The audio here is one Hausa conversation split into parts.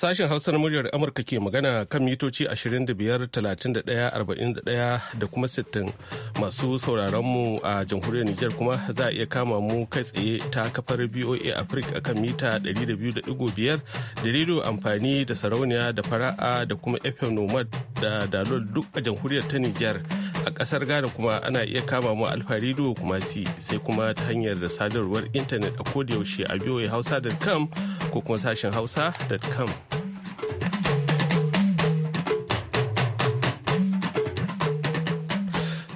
Sashen Hausar muryar Amurka ke magana kan mitoci 25-31-41 da kuma 60 masu sauraronmu a jamhuriyar Nijar kuma za a iya kama mu kai tsaye ta kafar BOA Africa kan mita 200.5 da rediyo amfani da sarauniya da fara'a da kuma FM Nomad da Dalol duk a jamhuriyar ta Nijar. A ƙasar Ghana kuma ana iya kama mu Alfa Radio kuma si sai kuma ta hanyar da sadarwar intanet a kodiyaushe a boahausa.com ko kuma sashen hausa.com.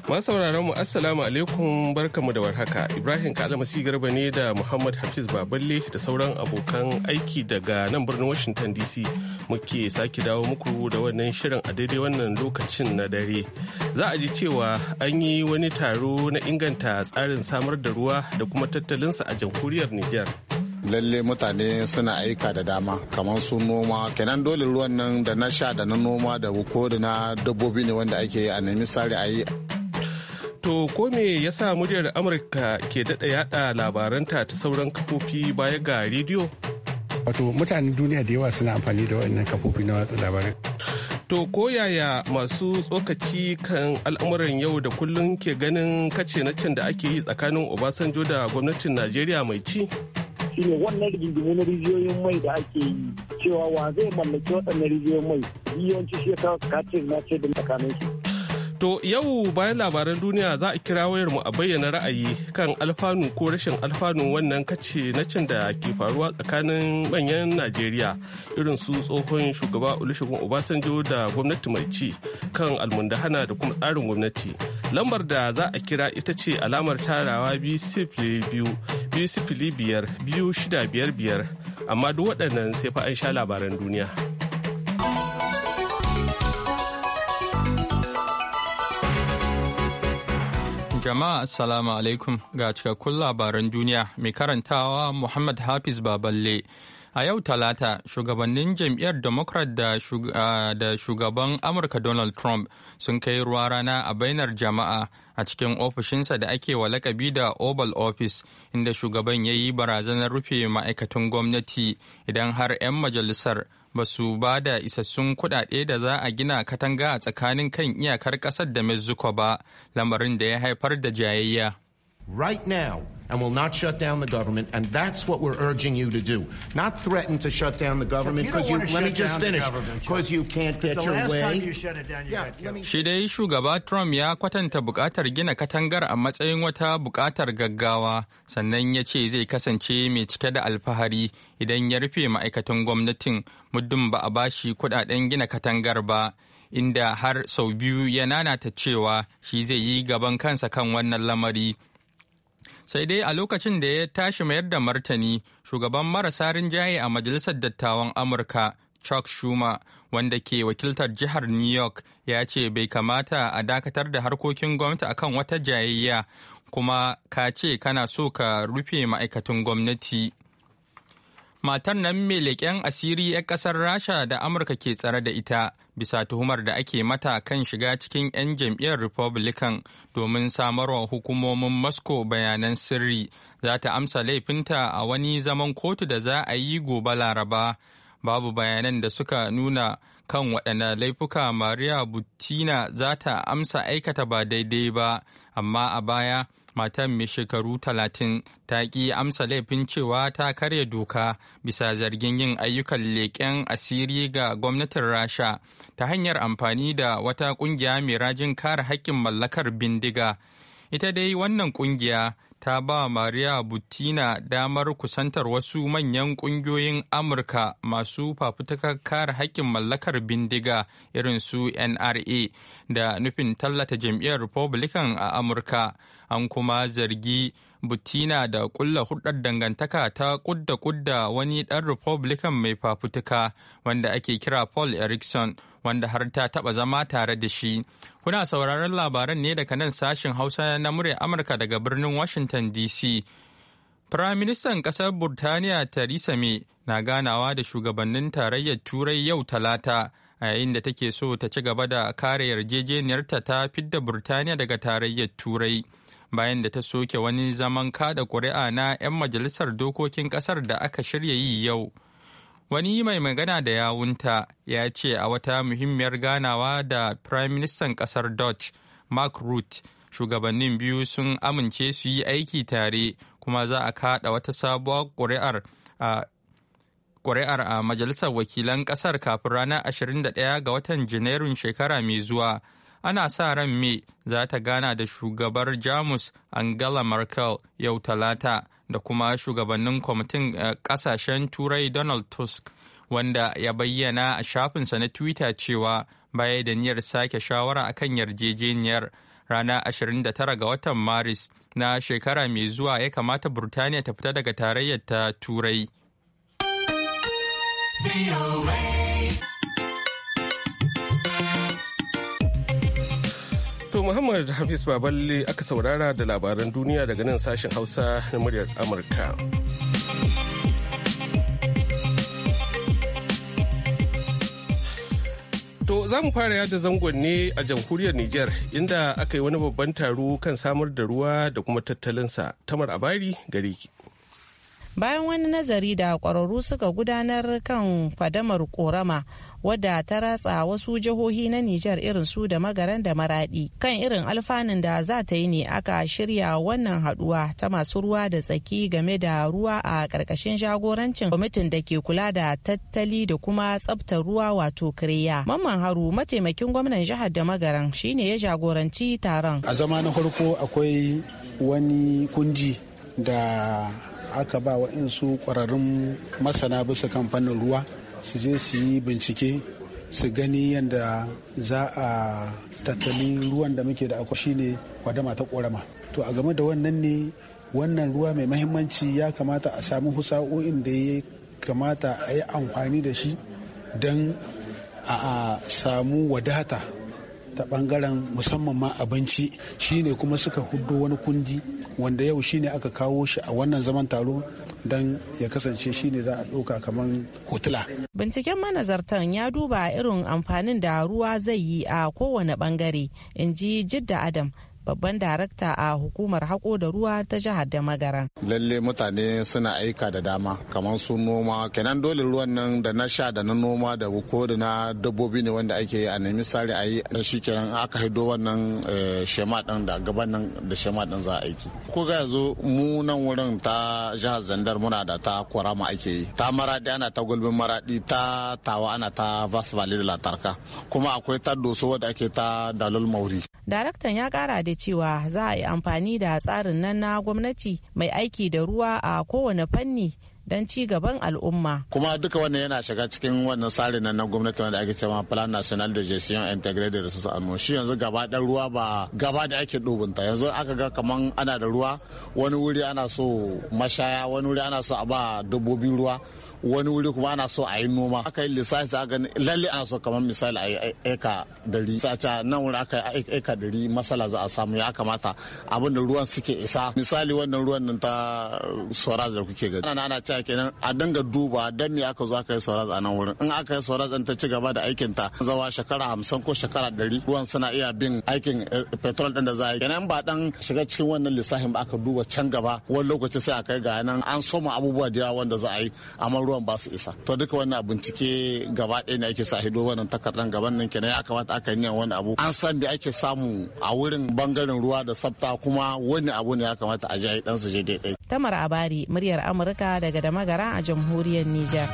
Masu sauraron mu assalamu alaikum barkamu da warhaka. Ibrahim Kalmasi Garba ne da Muhammad Hafiz Baballe da sauran abokan aiki daga nan birnin Washington DC muke sake dawo muku da wannan shirin a daidai wannan lokacin na dare. Za a ji cewa an yi wani taro na inganta tsarin samar da ruwa da kuma tattalinsa a jamhuriyar Nijar. lalle mutane suna aika da dama kamar su noma kenan dole ruwan nan da na sha da na noma da ko da na dabbobi ne wanda ake yi a nemi sare a yi To ko me yasa muryar Amurka ke daɗa yada labaranta ta sauran kafofi baya ga rediyo? Wato mutanen duniya da yawa suna amfani da wannan kafofi na watsa labarai. To ko yaya masu tsokaci kan al'amuran yau da kullum ke ganin kace na can da ake yi tsakanin Obasanjo da gwamnatin Najeriya mai ci? shine wannan rigingimu na rijiyoyin mai da ake yi cewa wa zai mallaki waɗannan rijiyoyin mai yawanci shekara kacin na ce da tsakanin su. To yau bayan labaran duniya za a kira wayarmu a bayyana ra'ayi kan alfanu ko rashin alfanu wannan kace na cin da ke faruwa tsakanin manyan Najeriya irin su tsohon shugaba Olusegun Obasanjo da gwamnati mai ci kan almundahana da kuma tsarin gwamnati. Lambar da za a kira ita ce alamar tarawa sifili biyu biyu sifili biyar biyu shida biyar biyar amma duk waɗannan sai fa an sha labaran duniya. Jama'a Assalamu alaikum ga cikakkun labaran duniya mai karantawa Muhammad Hafiz Baballe. A yau Talata, shugabannin jam'iyyar Democrat da, shugaban Amurka Donald Trump sun kai ruwa rana a bainar jama'a a cikin ofishinsa da ake wa lakabi da Oval Office, inda shugaban ya yi barazanar rufe ma'aikatan gwamnati idan har 'yan majalisar ba su ba da isassun kuɗaɗe da za a gina katanga a tsakanin kan iyakar ƙasar da mexico ba lamarin da ya haifar da jayayya right now and will not shut down the government. And that's what we're urging you to do. Not threaten to shut down the government because you, you let me just finish because you can't get your way. You down, yeah, Shi dai shugaba Trump ya kwatanta bukatar gina katangar a matsayin wata bukatar gaggawa sannan ya ce zai kasance mai cike da alfahari idan ya rufe ma'aikatan gwamnatin muddin ba a bashi kudaden gina katangar ba. Inda har sau biyu ya nanata cewa shi zai yi gaban kansa kan wannan lamari sai dai a lokacin da ya tashi mayar da martani shugaban marasa rinjaye a majalisar dattawan amurka chuck schumer wanda ke wakiltar jihar new york ya ce bai kamata a dakatar da harkokin gwamnati akan wata jayayya kuma ka ce kana so ka rufe ma'aikatan gwamnati matar nan mai leƙen asiri 'yan ƙasar rasha da amurka ke tsare da ita bisa tuhumar da ake mata kan shiga cikin 'yan jam'iyyar republican domin samarwa hukumomin moscow bayanan sirri za ta amsa laifinta a wani zaman kotu da za a yi gobe laraba babu bayanan da suka nuna kan waɗanne laifuka maria butina za ta amsa aikata ba daidai ba amma a baya matan mai shekaru talatin ta ƙi amsa laifin cewa ta karya doka bisa zargin yin ayyukan leƙen asiri ga gwamnatin rasha ta hanyar amfani da wata ƙungiya mai rajin kare haƙƙin mallakar bindiga ita dai wannan ƙungiya ta ba maria butina damar kusantar wasu manyan ƙungiyoyin amurka masu fafutukar kare haƙƙin mallakar bindiga irin su nra da nufin tallata jam'iyyar republican a amurka an kuma zargi butina da kulla hudar dangantaka ta kudda kudda wani dan republican mai fafutuka wanda ake kira paul erickson wanda har ta taba zama tare da shi kuna sauraron labaran ne daga nan sashen hausa na murya amurka daga birnin washington dc Firaministan kasar Burtaniya Theresa May na ganawa da shugabannin tarayyar Turai yau Talata a yayin da take so ta ci gaba da kare yarjejeniyarta ta fidda Burtaniya daga tarayyar Turai. bayan da ta soke wani zaman kada ƙuri'a na 'yan majalisar dokokin ƙasar da aka shirya yi yau. Wani mai magana da yawunta ya ce a wata muhimmiyar ganawa da Prime Minister ƙasar Dutch, Mark Rutte, shugabannin biyu sun amince su yi aiki tare kuma za a kada wata sabuwar ƙuri'ar a ƙuri'ar a majalisar wakilan ƙasar kafin ranar 21 ga watan janairun shekara mai zuwa ana sa ran me za ta gana da shugabar jamus angela merkel yau talata da kuma shugabannin kwamitin kasashen eh, turai donald tusk wanda ya bayyana a shafinsa na twitter cewa baya da niyyar sake shawara a kan yarjejeniyar ranar 29 ga watan maris na shekara mai zuwa ya kamata burtaniya ta fita daga tarayyar ta turai. Muhammad Hafiz Baballe aka saurara da labaran duniya daga nan sashen Hausa na muryar Amurka. To za mu fara yada zangon ne a jamhuriyar Nijar inda aka yi wani babban taro kan samar da ruwa da kuma tattalinsa. Tamar Abari gare ki. bayan wani nazari da kwararru suka gudanar kan fadamar korama wadda ta ratsa wasu jihohi na Nijar irin su da magaran da maradi kan irin alfanun da za ta yi ne aka shirya wannan haduwa ta masu ruwa da tsaki game da ruwa a karkashin jagorancin kwamitin da ke kula da tattali da kuma tsabtar ruwa wato kireya mamman haru mataimakin gwamnan jihar da magaran shine ya jagoranci taron a zama na farko akwai wani kundi da aka ba wa su kwararrun masana bisa kan fannin ruwa su je su yi bincike su gani yadda za a tattalin ruwan da muke da akwai shine kwadama ta ƙorama to a game da wannan ne wannan ruwa mai mahimmanci ya kamata a samu husa'o'in da ya kamata a yi amfani da shi don a samu wadata ta bangaren musamman ma abinci shine kuma suka hudo wani kundi wanda yau shine aka kawo shi a wannan zaman taro don ya kasance shine za a ɗauka kamar hotula. Binciken manazartan ya duba irin amfanin da ruwa zai yi a kowane bangare, in ji Jidda Adam babban darakta a hukumar hako da ruwa ta jihar da magaran. Lalle mutane suna aika da dama kamar su noma kenan dole ruwan nan da na sha da na noma da ko da na dabbobi ne wanda ake yi a nemi sare a yi da shi kenan aka haido wannan eh, shema din da gaban nan da shema din za a aiki. Ko ga yanzu mu nan wurin ta jihar Zandar muna da ta kwarama ake yi ta maradi ana ta gulbin maradi ta tawa ana ta Vas da Latarka kuma akwai ta doso wadda ake ta Dalol Mauri. Daraktan ya kara da da cewa za a yi amfani da tsarin nan na gwamnati mai aiki da ruwa a kowane fanni don ci gaban al'umma. Kuma duka wannan yana shiga cikin wannan tsarin nan na gwamnati wanda ake cewa Plan National de Gestion Integrated Resources Almo. Shi yanzu gaba ɗan ruwa ba gaba da ake dubunta. Yanzu aka ga kaman ana da ruwa wani wuri ana so mashaya wani wuri ana so a ba dabbobi ruwa. wani wuri kuma ana so a yi noma aka yi lissafi a gani lalle ana so kamar misali a yi eka dari sace nan wuri aka yi eka dari masala za a samu ya kamata abin da ruwan suke isa misali wannan ruwan nan ta soraz da kuke gani ana ana cewa kenan a dinga duba dan ne aka zo aka yi soraz a nan wurin in aka yi soraz ta ci gaba da aikin ta zawa shekara hamsin ko shekara dari ruwan suna iya bin aikin eh, petrol din da za a yi kenan ba dan shiga cikin wannan lissafin ba aka duba can gaba wani lokaci sai a kai ga nan an soma abubuwa da yawa wanda za a yi amma ruwan ruwan ba su isa to duka wannan bincike gaba ɗaya ne ake sa hido wannan takardar gaban nan kenan ya kamata aka yi wani abu an san da ake samu a wurin bangaren ruwa da sabta kuma wani abu ne ya kamata a jayi dan su je daidai tamar abari muryar amurka daga damagara a jamhuriyar niger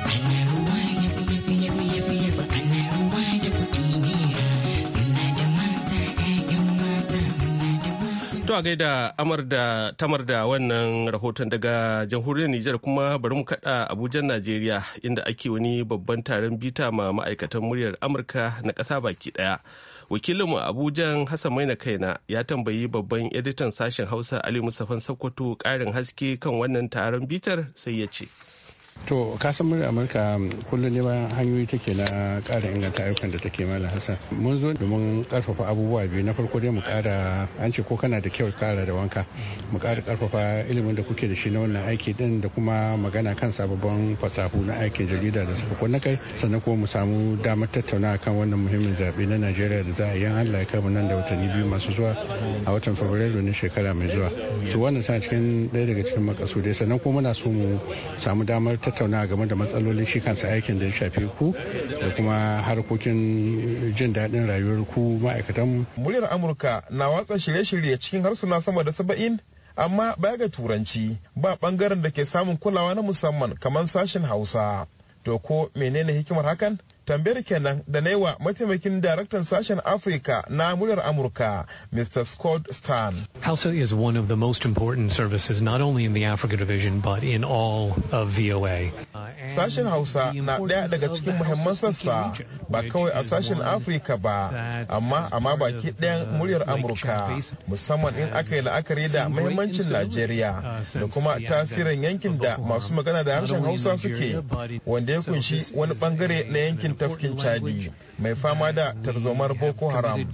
To a gaida amar da tamar da wannan rahoton daga jamhuriyar Nijar kuma bari mu kada Abuja Najeriya inda ake wani babban taron bita ma ma'aikatan muryar Amurka na ƙasa baki ɗaya. Wakilinmu Abuja Hassan Maina Kaina ya tambayi babban editan sashen Hausa Ali musafan Sokoto ƙarin haske kan wannan taron bitar sai ya ce. to ka kasan murya amurka um, kullum ne bayan hanyoyi take na kara inganta ayyukan da take mana hasan mun zo domin karfafa abubuwa biyu na farko dai mu kara an ce ko kana da kyau kara da wanka mu kara karfafa ilimin da kuke da shi na wannan aiki din da kuma magana kan sababbin fasahu na aikin jarida da suka kunna kai sannan kuma mu samu damar tattauna kan wannan muhimmin zaɓe na najeriya da za a yi an allah ya kai mu nan da watanni biyu masu zuwa a watan fabrairu na shekara mai zuwa to wannan sa cikin ɗaya daga cikin makasudai sannan kuma muna so mu samu damar tattauna game da matsalolin shi kansa aikin da ya shafi ku da kuma harkokin jin daɗin rayuwar ku ma'aikatan. Muryar Amurka na watsa shirye-shirye cikin harsuna sama da saba'in amma baya ga turanci ba bangaren da ke samun kulawa na musamman kamar sashen Hausa. To ko menene hikimar hakan? tambayar kenan da na yi wa mataimakin daraktan sashen afirka na muryar amurka mr scott stan halsa is one of the most important services not only in the africa division but in all of voa Sashen Hausa na ɗaya daga cikin muhimman sassa ba kawai a sashen Afirka ba, amma amma baki ɗayan uh, muryar Amurka, musamman in aka yi uh, la'akari da muhimmancin Najeriya uh, da kuma tasirin yankin da masu magana da harshen Hausa suke, wanda ya kunshi wani bangare na yankin tafkin Chadi mai fama da tarzomar Boko Haram.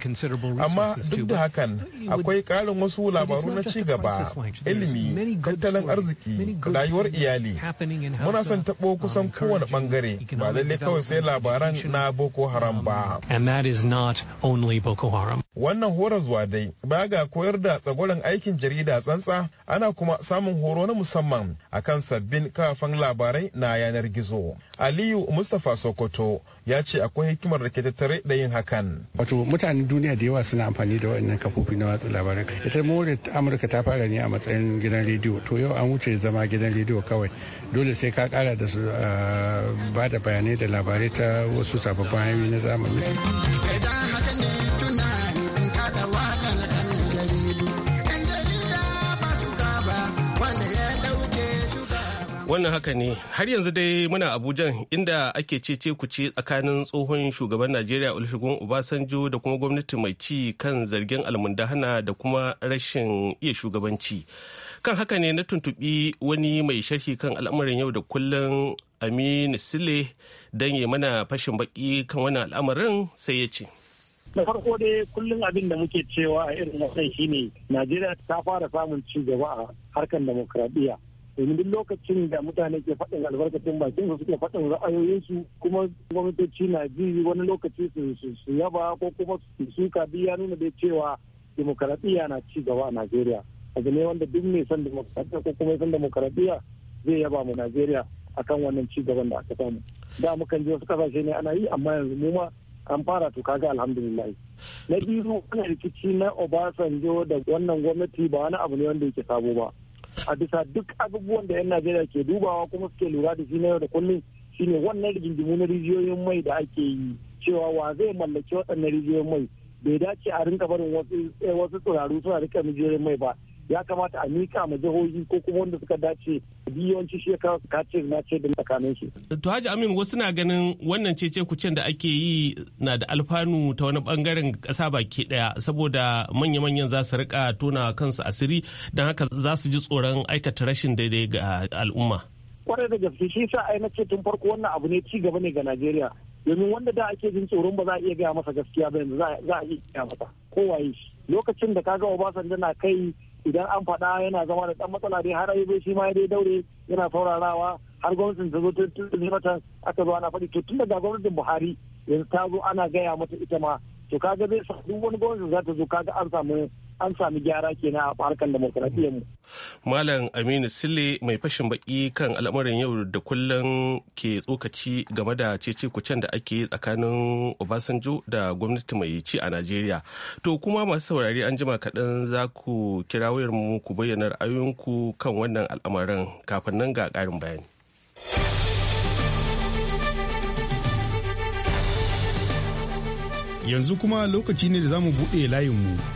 Amma duk da hakan akwai ƙarin wasu labaru na ci gaba, ilimi, tattalin arziki, rayuwar iyali. Muna son taɓo kusan kowane bangare ba lalle kawai sai labaran na Boko Haram ba. And that is not only Boko Haram. Wannan zuwa dai ba ga koyar da tsagoran aikin jarida tsantsa ana kuma samun horo na musamman a kan sabbin kafan labarai na yanar gizo. Aliyu Mustapha Sokoto ya ce akwai hikimar da ke tattare da yin hakan. Wato mutanen duniya da yawa suna amfani da wannan kafofi na watsa labarai. Ita more Amurka ta fara ne a matsayin gidan rediyo to yau an wuce zama gidan rediyo kawai dole sai ka kara da su ba da bayanai da labarai ta wasu sababbin hanyoyi na zamani wannan haka ne har yanzu dai muna abuja inda ake cece kuce tsakanin tsohon shugaban najeriya olusegun obasanjo da kuma gwamnati mai ci kan zargin almundahana da kuma rashin iya shugabanci kan haka ne na tuntubi wani mai sharhi kan al'amarin yau da kullum aminu sile don ya mana fashin baki kan wani al'amarin sai ya ce da farko dai kullum abin da muke cewa a irin wannan shine najeriya ta fara samun ci gaba a harkar demokradiyya domin duk lokacin da mutane ke faɗin albarkacin bakin su suke faɗin ra'ayoyinsu kuma gwamnatoci na ji wani lokaci su su yaba ko kuma su suka biya nuna da cewa demokradiyya na ci gaba a najeriya abu ne wanda duk mai son demokaradiyya ko kuma san demokaradiyya zai yaba mu najeriya akan wannan ci gaban da aka samu da mukan je wasu kasashe ne ana yi amma yanzu mu ma an fara to kaga alhamdulillah na biyu wannan rikici na obasanjo da wannan gwamnati ba wani abu ne wanda yake sabo ba a bisa duk abubuwan da 'yan najeriya ke dubawa kuma suke lura da shi na yau da kullum shine wannan rigingimu na rijiyoyin mai da ake yi cewa wa zai mallaki waɗannan rijiyoyin mai bai dace a rinka barin wasu eh, tsoraru suna rika rijiyoyin mai ba ya kamata a mika ma jihohi ko kuma wanda suka dace yawanci shi ka kace na ce da tsakanin shi To Haji Amin wasu na ganin wannan cece kucen da ake yi na da alfanu ta wani bangaren kasa baki daya saboda manya-manyan za su rika tona kansu asiri don haka za su ji tsoron aikata rashin daidai ga al'umma. Kwarai da gaske shi sa ai ce tun farko wannan abu ne ci gaba ne ga Najeriya domin wanda da ake jin tsoron ba za a iya gaya masa gaskiya ba yanzu za a iya gaya masa kowa shi lokacin da kaga Obasanjo na kai idan an faɗa yana zama da ɗan matsala dai har aibe shi ma ya dai daure yana saurarawa har gwamnatin ta zo ta mata aka zo ana faɗi to tun daga gwamnatin buhari yanzu ta zo ana gaya mata ita ma to kaga zai sa duk wani gwamnati za ta zo kaga an samu an sami gyara kenan a harkar demokradiyyar mu. Malam Aminu Sile mai fashin baki kan al'amuran yau da kullum ke tsokaci game da cece kucen da ake tsakanin Obasanjo da gwamnati mai ci a Najeriya. To kuma masu saurari an jima kaɗan za ku kira wayar mu ku bayyana ra'ayoyinku kan wannan al'amarin kafin nan ga ƙarin bayani. Yanzu kuma lokaci ne da za mu buɗe layinmu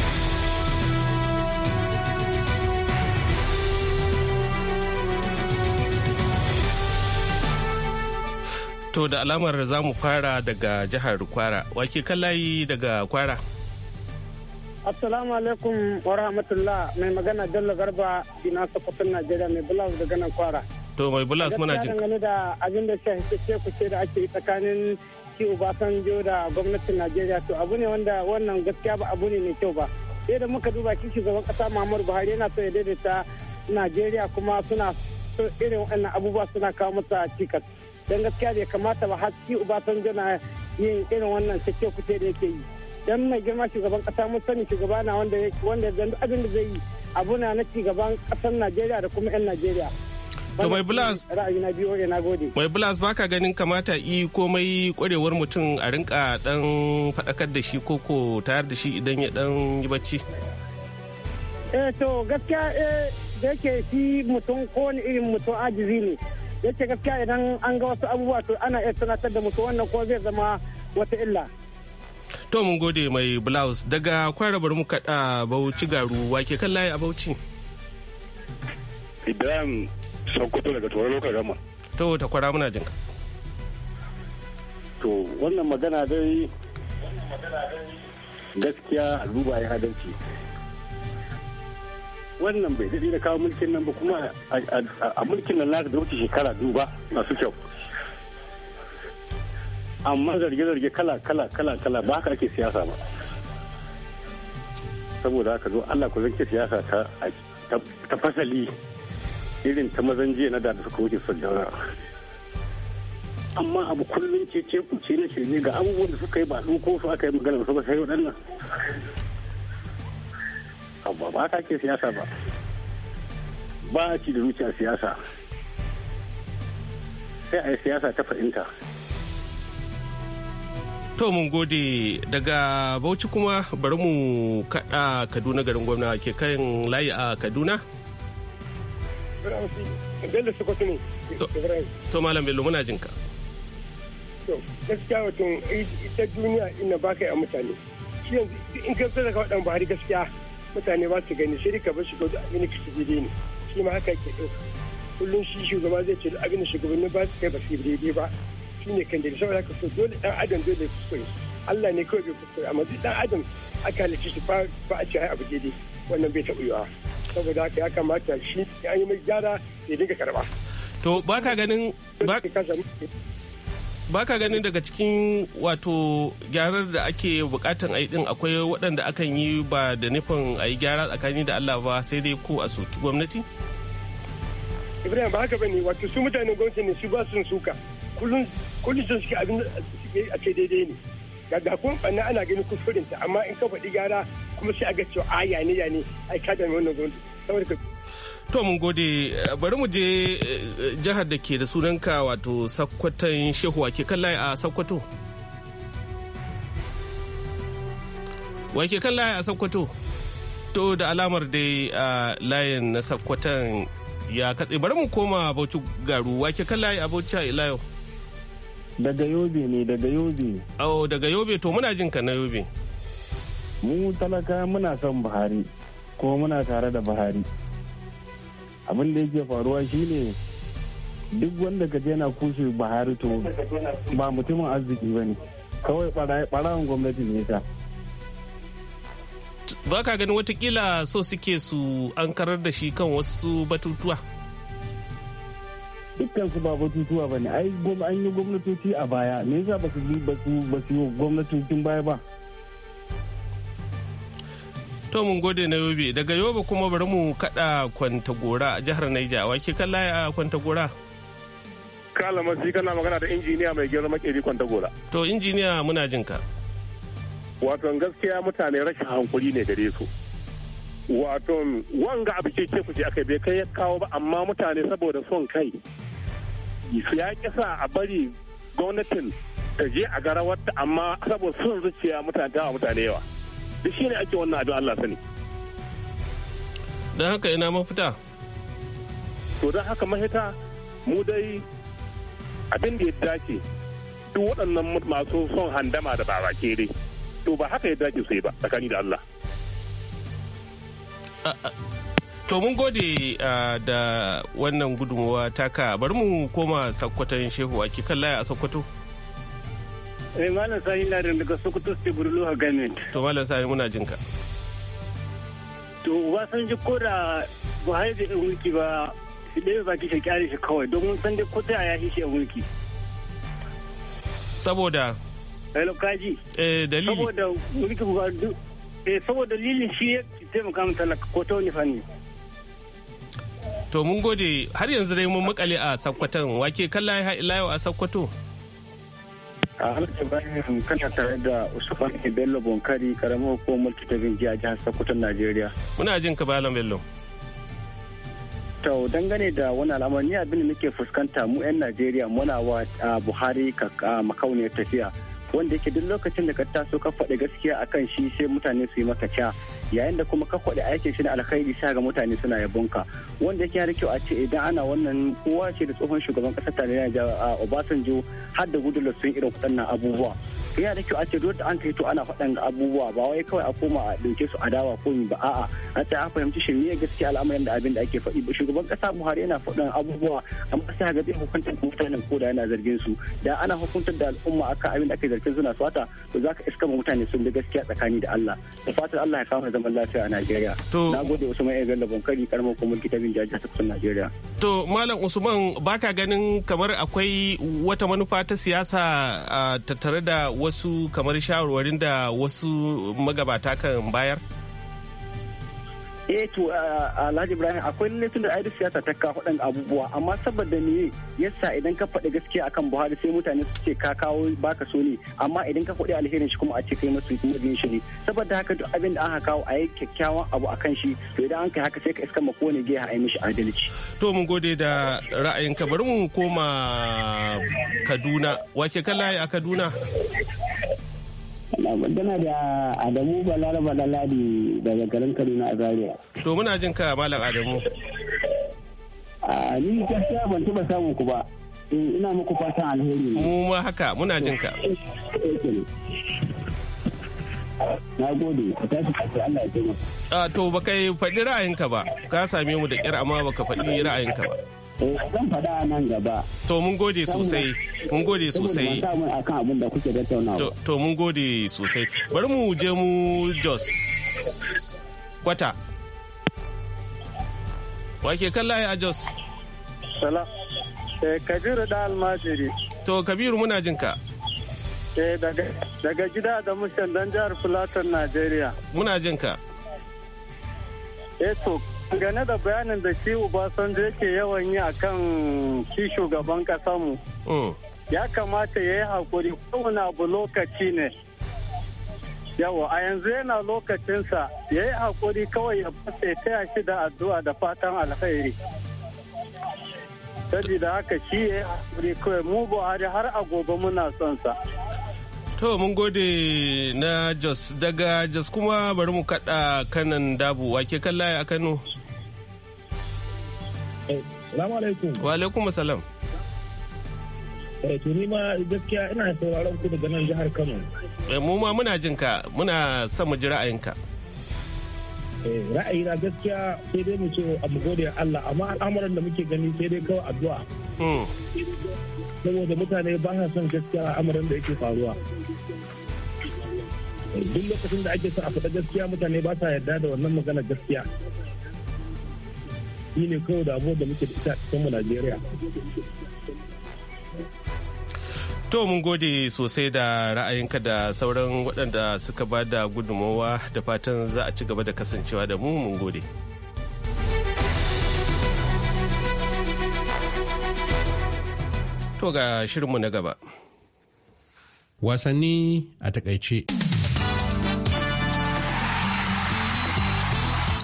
To da alamar za mu fara daga jihar Kwara. Wake layi daga Kwara. Assalamu alaikum wa rahmatullah mai magana Bello Garba ina sokoton Najeriya mai bulas daga nan Kwara. To mai bulas muna jin. Gaskiya da abin da ce ku ce da ake tsakanin shi Obasanjo da gwamnatin Najeriya to abu ne wanda wannan gaskiya ba abu ne mai kyau ba. Sai da muka duba shi shugaban kasa Muhammadu Buhari yana so ya daidaita Najeriya kuma suna irin wannan abubuwa suna kawo masa cikas. don gaskiya bai kamata ba har shi Obasanjo jana yin irin wannan cike kuce da yake yi dan mai girma shugaban kasa mun sani shugaba na wanda wanda dan abin da zai yi abu na na shugaban kasar Najeriya da kuma 'yan Najeriya to mai bulas ra'ayina biyo eh, na gode mai bulas baka ganin kamata i komai kwarewar mutum a rinka dan fadakar da shi koko tayar da shi idan ya dan yi bacci eh to gaskiya eh da yake shi mutum kowane irin mutum ajizi ne yace gaskiya idan an ga wasu abubuwa to ana iya sanatar da musu wannan ko zai zama wata illa to mun gode mai blouse daga bari mu kaɗa bauchi garu wake kan layi a bauchi ibrahim sokoto daga tsoron lokacin gama to ta kwara muna jinka to wannan magana dai gaskiya duba ya adalci wannan bai daɗe da kawo mulkin nan ba kuma a mulkin nan na da wuce shekara biyu ba masu kyau amma zarge-zarge kala kala kala kala ba haka ake siyasa ba saboda haka zo Allah ku zanke siyasa ta ta fasali irin ta mazan jiya na da suka wuce sojara amma abu kullum ce ce ku ce na shirme ga abubuwan da suka yi ba ko su aka yi magana ba sai waɗannan abu ba ba ke siyasa ba ba a ci da zuciya siyasa sai a yi siyasa ta fahimta to mun gode daga bauchi kuma bari mu kada kaduna garin gwamna ke kan layi a kaduna to malam bello muna jinka to gaskiya wato eh, ita duniya ina baka a mutane shi yanzu in ka kawai dan buhari gaskiya mutane ba su gani sai ka bar shi kawai abin da su ne shi ma haka ke ɗauka kullum shi shugaba zai ce abin da shugabanni ba su kai ba su daidai ba shi ne kan daidai saboda haka so dole ɗan adam dole kuskure Allah ne kawai bai kuskure amma duk ɗan adam aka halicci shi ba a ce ai abu daidai wannan bai taɓa yiwa saboda haka ya kamata shi an yi mai gyara ya dinga karɓa. to baka ganin ba baka ganin daga cikin wato gyarar da ake bukatan ayi din akwai waɗanda akan yi ba da nufin a yi gyara tsakani da Allah ba sai dai ko a soki gwamnati? Ibrahim ba haka bane wato su mutanen gwamnati ne su ba su suka kullum kullum sun suke abin a ce daidai ne ga kuma banna ana ganin kuskurinta amma in ka faɗi gyara kuma sai a ga cewa a yane yane ai ka da wannan gwamnati saboda To mun gode bari mu je eh, jihar da ke da sunanka wato sakkwatan shehu wake kalla a sakkwato. Wake kalla a sakkwato. To da alamar dai a layin na sakkwatan ya katse bari mu koma bauchi garu wake kalla a bauchi a ilayo? Daga yobe ne daga yobe. Oh daga yobe to muna jin ka na yobe. Mu talaka muna son Buhari ko muna tare da Buhari. abin da yake faruwa shine duk wanda ka je na kushe buhari to ba mutumin arziki ba ne kawai ɓarawan gwamnati ne ta ba ka gani watakila so suke su an karar da shi kan wasu batutuwa dukkan su ba batutuwa ba ne ai an yi gwamnatoci a baya me yasa ba su yi gwamnatocin baya ba To mun gode na yobe daga yobe kuma bari mu kaɗa gora a jihar Naija wake kalla a gora. Kala masu kana magana da injiniya mai gero makeri gora. To injiniya muna jin ka. Wato gaskiya mutane rashin hankuri ne gare su. Wato wanga abu ce ku ce aka bai kai ya kawo ba amma mutane saboda son kai. Ya kisa a bari gwamnatin ta je a garawar amma saboda son zuciya mutane ta mutane yawa. duk ne ake wannan abin Allah sani don haka ina mafita to don haka mahita mu dai abin da ya dace duk waɗannan masu son handama da barake dai to ba haka ya dace su ba tsakani da Allah To mun gode da wannan gudunmawa taka bari mu koma sakkwatan shehu a kikan laya a sakkwato. Eh Malam Sani na daga Sokoto State Burulu a To Malam Sani muna jin ka. To ji ko da Buhari da mulki ba shi ɗaya baki shi kyare shi kawai don mun san dai ko ta ya shi a mulki. Saboda? Hello kaji. Eh dalili. Saboda mulki Buhari eh saboda dalilin shi ya taimaka mun talaka ko ta wani fanni. To mun gode har yanzu dai mun makale a Sakkwatan wake kallon layo a Sokoto? a halittar bayan kana tare da usman bello bonkari karamin hukumar mulki ta binji a jihar sokoto najeriya muna jin ka bayan bello to dangane da wani al'amari ni abin da muke fuskanta mu 'yan najeriya muna wa buhari makauniyar tafiya wanda yake duk lokacin da ka taso ka faɗi gaskiya akan shi sai mutane su yi maka kya yayin da kuma ka kwaɗi aikin shi na alkhairi sa ga mutane suna yabonka wanda yake da kyau a ce idan ana wannan kowa ce da tsohon shugaban ƙasar tarayya a obasanjo har da gudula sun irin waɗannan abubuwa yana da kyau a ce duk da an kai to ana faɗan abubuwa ba wai kawai a koma a ɗauke su adawa ko ba a'a a an fahimci shi me gaskiya al'amarin da abin da ake faɗi ba shugaban ƙasa Buhari yana faɗan abubuwa amma sai ga zai hukunta mutanen ko da yana zargin su da ana hukuntar da al'umma akan abin da ake zargin suna swata to ka iska mutane sun da gaskiya tsakani da Allah da fatan Allah ya kama zaman lafiya a Najeriya. To na gode Usman Ega Labon kari karamar kuma kitabin jaji ta Najeriya. To Malam Usman baka ganin kamar akwai wata manufa ta siyasa tattare da wasu kamar shawarwarin da wasu magabata kan bayar? eh to alhaji ibrahim akwai laifin da ayyar siyasa ta kawo ɗan abubuwa amma saboda ne yasa idan ka faɗi gaskiya akan buhari sai mutane su ce ka kawo baka so ne amma idan ka faɗi alherin shi kuma a ce kai masu yin shi ne saboda haka duk abin da aka kawo a yi kyakkyawan abu akan shi to idan an kai haka sai ka iska ma kowane gehe a yi mishi adalci. to mun gode da ra'ayinka bari mu koma kaduna wake kala a kaduna. magana da Adamu Balaraba Ladi daga garin Kaduna a Zaria. To muna jin ka Malam Adamu. A ni gaskiya ban taba samun ku ba. Eh, ina muku fatan alheri. Mu ma haka muna jin ka. Na gode, Ku tashi kace Allah ya taimaka. To ba kai faɗi ra'ayinka ba, ka same mu da kyar amma baka faɗi ra'ayinka ba. zan faɗa nan gaba. To mun gode sosai, mun gode sosai. To mun gode sosai. Bari mu je mu Jos. Kwata. Wa ke kallaye a Jos? Salam. Eh, Kabiru da almajiri. To Kabiru muna jin ka. Eh, daga gida da mushen don jihar Fulatan Najeriya. Muna jin ka. Eh to Gane da bayanin da shi Obasanjo yake yawan yi akan shi shugaban kasanmu. Oh. Ya kamata ya yi haƙuri kowane abu lokaci ne. Yawa a yanzu yana lokacinsa ya yi haƙuri kawai ya fasa taya shi da addu'a da fatan alkhairi. da haka shi ya yi haƙuri kawai mu Buhari har a gobe muna son sa. To mun gode na Jos daga Jos kuma bari mu kaɗa kanan dabu wake kan laye a Kano. Salamu alaikum. Wa alaikum salam. Eh ma gaskiya ina sauraron ku daga nan jihar Kano. Eh mu ma muna jin ka muna son mu ji ra'ayinka. Eh, ra'ayi na gaskiya sai dai mu ce a mu gode Allah amma al'amuran da muke gani sai dai kawai addu'a. Hmm. Saboda mutane ba sa son gaskiya al'amuran da yake faruwa. Eh, duk lokacin da ake son a faɗa gaskiya mutane ba sa yarda da wannan magana gaskiya. shi ne kawai da abuwa da muke da ita a Najeriya. To mun gode sosai da ra'ayinka da sauran waɗanda suka ba da gudunmowa da fatan za a ci gaba da kasancewa da mu mun gode. To ga shirinmu na gaba. Wasanni a takaice.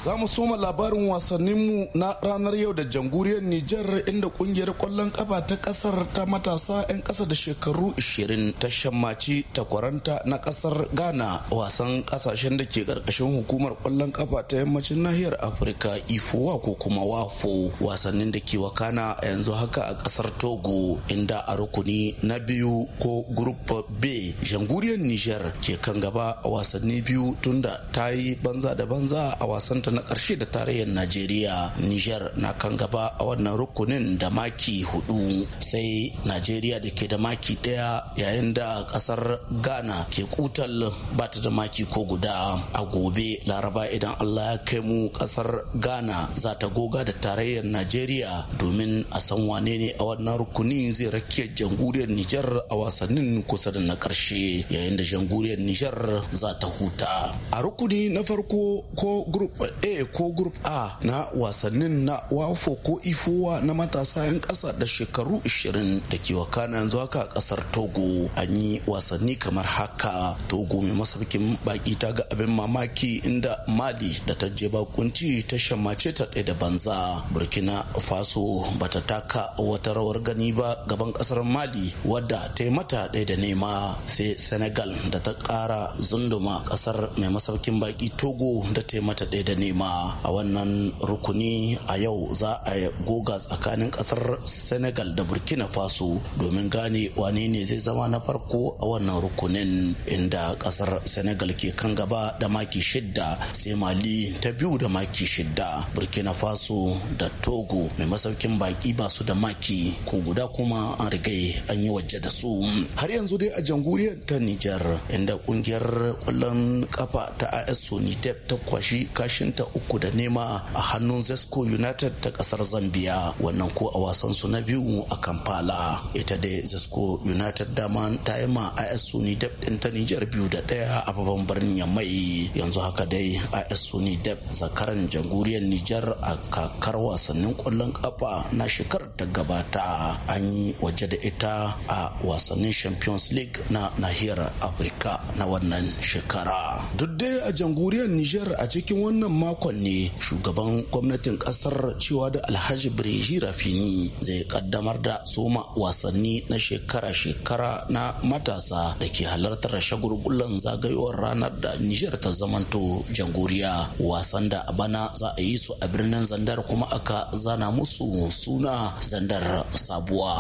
Za mu soma labarin wasanninmu na ranar yau da janguriyar Nijar inda kungiyar kwallon kafa ta kasar ta matasa 'yan kasa da shekaru 20 ta shammaci kwaranta na kasar Ghana wasan kasashen da ke karkashin hukumar kwallon kafa ta yammacin nahiyar Afirka ifowa ko kuma wafo wasannin da ke wakana yanzu haka a kasar Togo inda a rukuni na biyu ko group B Janguriyar Nijar ke kan gaba wasanni biyu tunda ta yi banza da banza a wasan na ƙarshe da tarayyar Najeriya Nijar na kan gaba a wannan rukunin da maki hudu sai Najeriya da ke da maki ɗaya yayin da ƙasar Ghana ke kutal ba ta da maki ko guda a gobe Laraba idan Allah ya kai mu ƙasar Ghana za ta goga da tarayyar Najeriya domin a san wane ne a wannan rukuni zai rakiya jamhuriyar Nijar a wasannin kusa da na ƙarshe yayin da jamhuriyar Nijar za ta huta. A rukuni na farko ko grup a ko group a na wasannin na wafo ko ifowa na matasa 'yan ƙasa da shekaru 20 da ke wakana yanzu haka ƙasar togo an yi wasanni kamar haka togo mai masaukin baki ta ga abin mamaki inda mali da ta je bakunci ta shammace ta ɗaya da banza burkina faso bata taka wata rawar gani ba gaban ƙasar mali wadda ta yi mata ɗaya da nema sai senegal da ta ƙara zunduma ƙasar mai masaukin baki togo da ta yi mata ɗaya da nema ma a wannan rukuni a yau za a goga tsakanin kasar senegal da burkina faso domin gane wane ne zai zama na farko a wannan rukunin inda kasar senegal ke kan gaba da maki shidda sai mali ta biyu da maki shidda burkina faso da togo mai masaukin baki ba su da maki ko guda kuma an rigai an yi waje da su har yanzu dai a jamhuriyar ta Niger inda kungiyar kwallon kafa ta as sonitep ta kwashi kashin ta uku da nema a hannun zesco united ta kasar zambia wannan ko a wasan su na biyu a kampala ita dai zesco united dama ta yi ma is suni dab din ta nijar biyu da daya a babban birnin ya mai. yanzu haka dai is suni dab zakaran janguriyar nijar a kakar wasannin kwallon kafa na shekarar ta gabata an yi waje da ita a wasannin champions league na nahiyar afirka na wannan shekara duk dai a janguriyar nijar a cikin wannan makon ne shugaban gwamnatin kasar cewa da alhaji birji rafini zai kaddamar da soma wasanni na shekara-shekara na matasa da ke halartar shagulgulan zagayowar ranar da nijar ta zamanto jangoriya wasan da a bana za a yi su a birnin zandar kuma aka zana musu suna zandar sabuwa.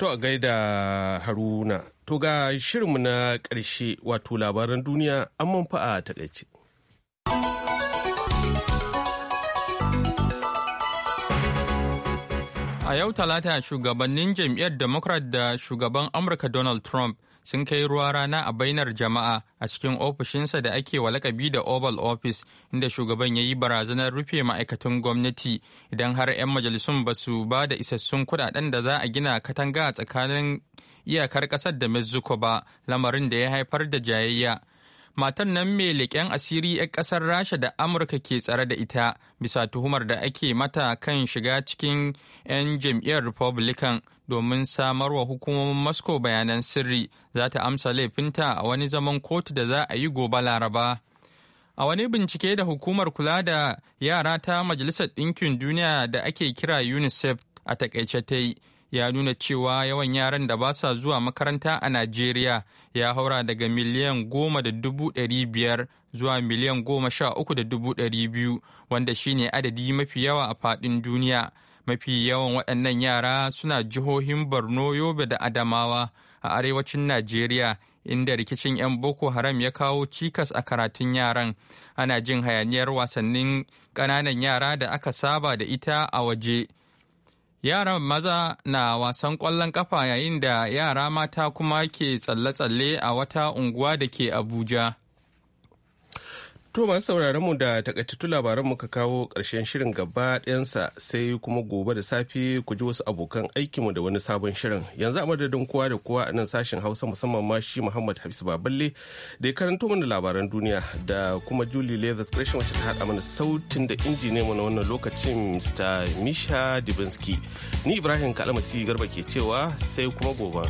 To a gaida Haruna To ga shirinmu na ƙarshe wato labaran duniya an manfa a takaice. A yau talata shugabannin jam'iyyar Democrat da shugaban Amurka Donald Trump sun kai ruwa rana a bainar jama'a a cikin ofishinsa da ake wa lakabi da oval office inda shugaban ya yi barazanar rufe ma'aikatan gwamnati idan har 'yan majalisun ba su ba da isassun kudaden da za a gina katanga a tsakanin iyakar kasar da mexico ba lamarin da ya haifar da jayayya matan nan mai leƙen asiri 'yan ƙasar rasha da amurka ke tsare da ita bisa tuhumar da ake mata kan shiga cikin 'yan jam'iyyar republican domin samarwa hukumomin moscow bayanan sirri za ta amsa laifinta a wani zaman kotu da za a yi gobe laraba a wani bincike da hukumar kula da yara ta majalisar ɗinkin duniya da ake kira unicef a takaice ta yi ya nuna cewa yawan yaran da ba sa zuwa makaranta a Najeriya ya haura daga miliyan goma da dubu ɗari biyar zuwa miliyan goma sha uku da dubu ɗari biyu wanda shine adadi mafi yawa a faɗin duniya. Mafi yawan waɗannan yara suna jihohin Borno, Yobe da Adamawa a arewacin Najeriya inda rikicin 'yan Boko Haram ya kawo cikas a karatun yaran. Ana jin hayaniyar wasannin ƙananan yara da aka saba da ita a waje. Yara maza na wasan ƙwallon ƙafa yayin da yara mata kuma ke tsalle-tsalle a wata unguwa da ke Abuja. To masu sauraron mu da takaitattu labaran muka kawo ƙarshen shirin gaba ɗayansa sai kuma gobe da safe ku ji wasu abokan aikinmu da wani sabon shirin. Yanzu a madadin kowa da kowa a nan sashen Hausa musamman ma shi Muhammad Hafiz Baballe da ya karanto mana labaran duniya da kuma Julie Leathers ƙarshen wacce ta haɗa mana sautin da inji mu na wannan lokacin Mr. Misha Dibinsky. Ni Ibrahim Kalamasi Garba ke cewa sai kuma gobe.